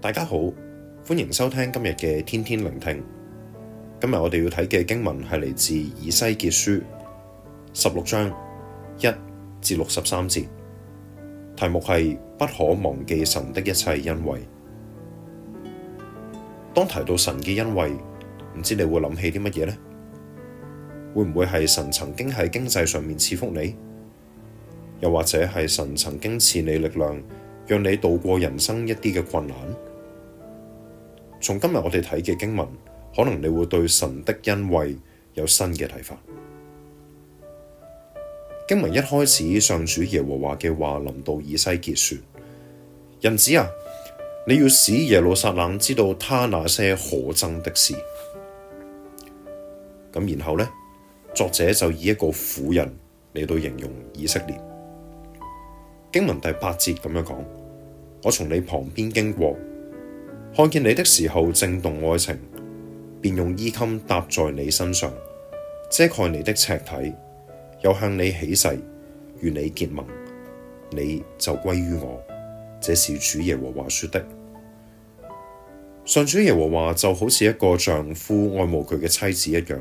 大家好，歡迎收聽今日嘅天天聆聽。今日我哋要睇嘅經文係嚟自以西結書十六章一至六十三節，題目係不可忘記神的一切恩惠。當提到神嘅恩惠，唔知你會諗起啲乜嘢呢？會唔會係神曾經喺經濟上面賜福你？又或者係神曾經賜你力量，讓你度過人生一啲嘅困難？從今日我哋睇嘅經文，可能你會對神的恩惠有新嘅睇法。經文一開始，上主耶和華嘅話臨到以西結說：人子啊，你要使耶路撒冷知道他那些可憎的事。咁然後呢，作者就以一個婦人嚟到形容以色列。經文第八節咁樣講：我從你旁邊經過。看見你的時候正動愛情，便用衣襟搭在你身上，遮蓋你的赤體，又向你起誓，與你結盟，你就歸於我。這是主耶和華說的。上主耶和華就好似一個丈夫愛慕佢嘅妻子一樣，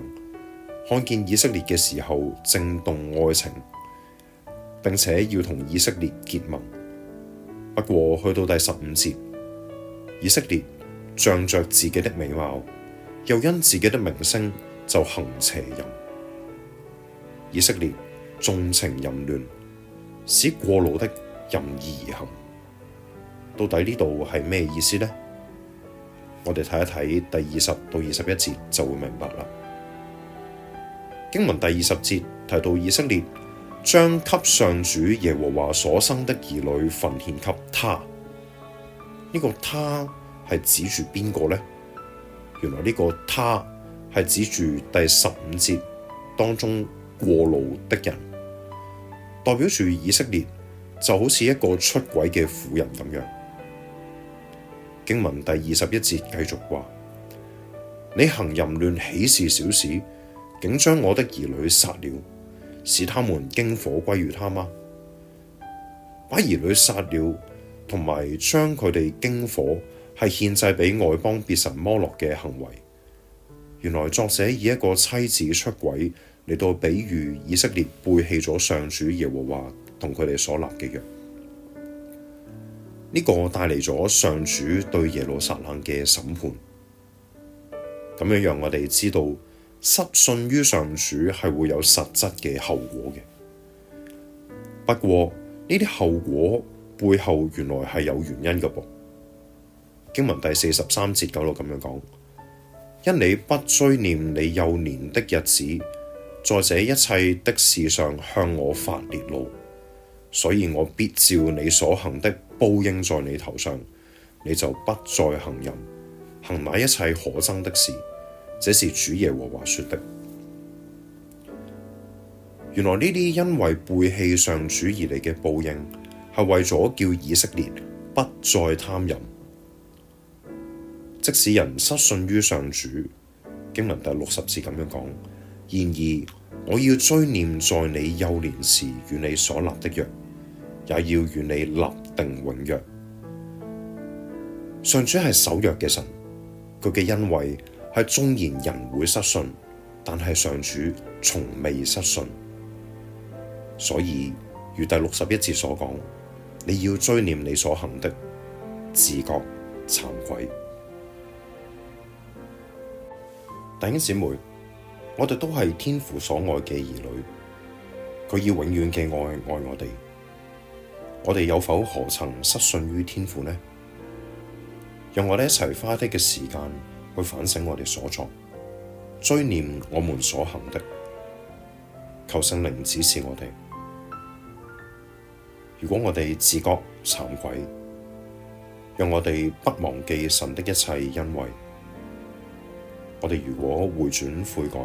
看見以色列嘅時候正動愛情，並且要同以色列結盟。不過去到第十五節，以色列仗着自己的美貌，又因自己的名聲就行邪淫；以色列縱情淫亂，使過路的任意而行。到底呢度係咩意思呢？我哋睇一睇第二十到二十一節就會明白啦。經文第二十節提到以色列將給上主耶和華所生的兒女焚獻給他。呢個他係指住邊個咧？原來呢個他係指住第十五節當中過路的人，代表住以色列，就好似一個出軌嘅婦人咁樣。經文第二十一節繼續話： 你行淫亂，豈是小事，竟將我的兒女殺了，使他們經火歸與他嗎？把兒女殺了。同埋將佢哋經火係獻祭畀外邦別神摩洛嘅行為，原來作者以一個妻子出軌嚟到比喻以色列背棄咗上主耶和華同佢哋所立嘅約，呢個帶嚟咗上主對耶路撒冷嘅審判，咁樣讓我哋知道失信於上主係會有實質嘅後果嘅。不過呢啲後果。背後原來係有原因噶噃，經文第四十三節九六咁樣講：因你不追念你幼年的日子，在這一切的事上向我發烈怒，所以我必照你所行的報應在你頭上，你就不再貪淫行那一切可憎的事。這是主耶和華說的。原來呢啲因為背棄上主而嚟嘅報應。係為咗叫以色列不再貪淫，即使人失信於上主，經文第六十節咁樣講。然而我要追念在你幼年時與你所立的約，也要與你立定永約。上主係守約嘅神，佢嘅恩惠係縱然人會失信，但係上主從未失信。所以如第六十一節所講。你要追念你所行的，自覺，慚愧。弟兄姊妹，我哋都係天父所愛嘅兒女，佢要永遠嘅愛愛我哋。我哋又否何曾失信於天父呢？讓我哋一齊花啲嘅時間去反省我哋所作，追念我們所行的，求聖靈指示我哋。如果我哋自覺慚愧，讓我哋不忘記神的一切恩惠。我哋如果回轉悔改，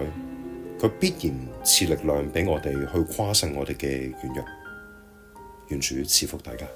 佢必然賜力量畀我哋去誇勝我哋嘅軟弱。願主賜福大家。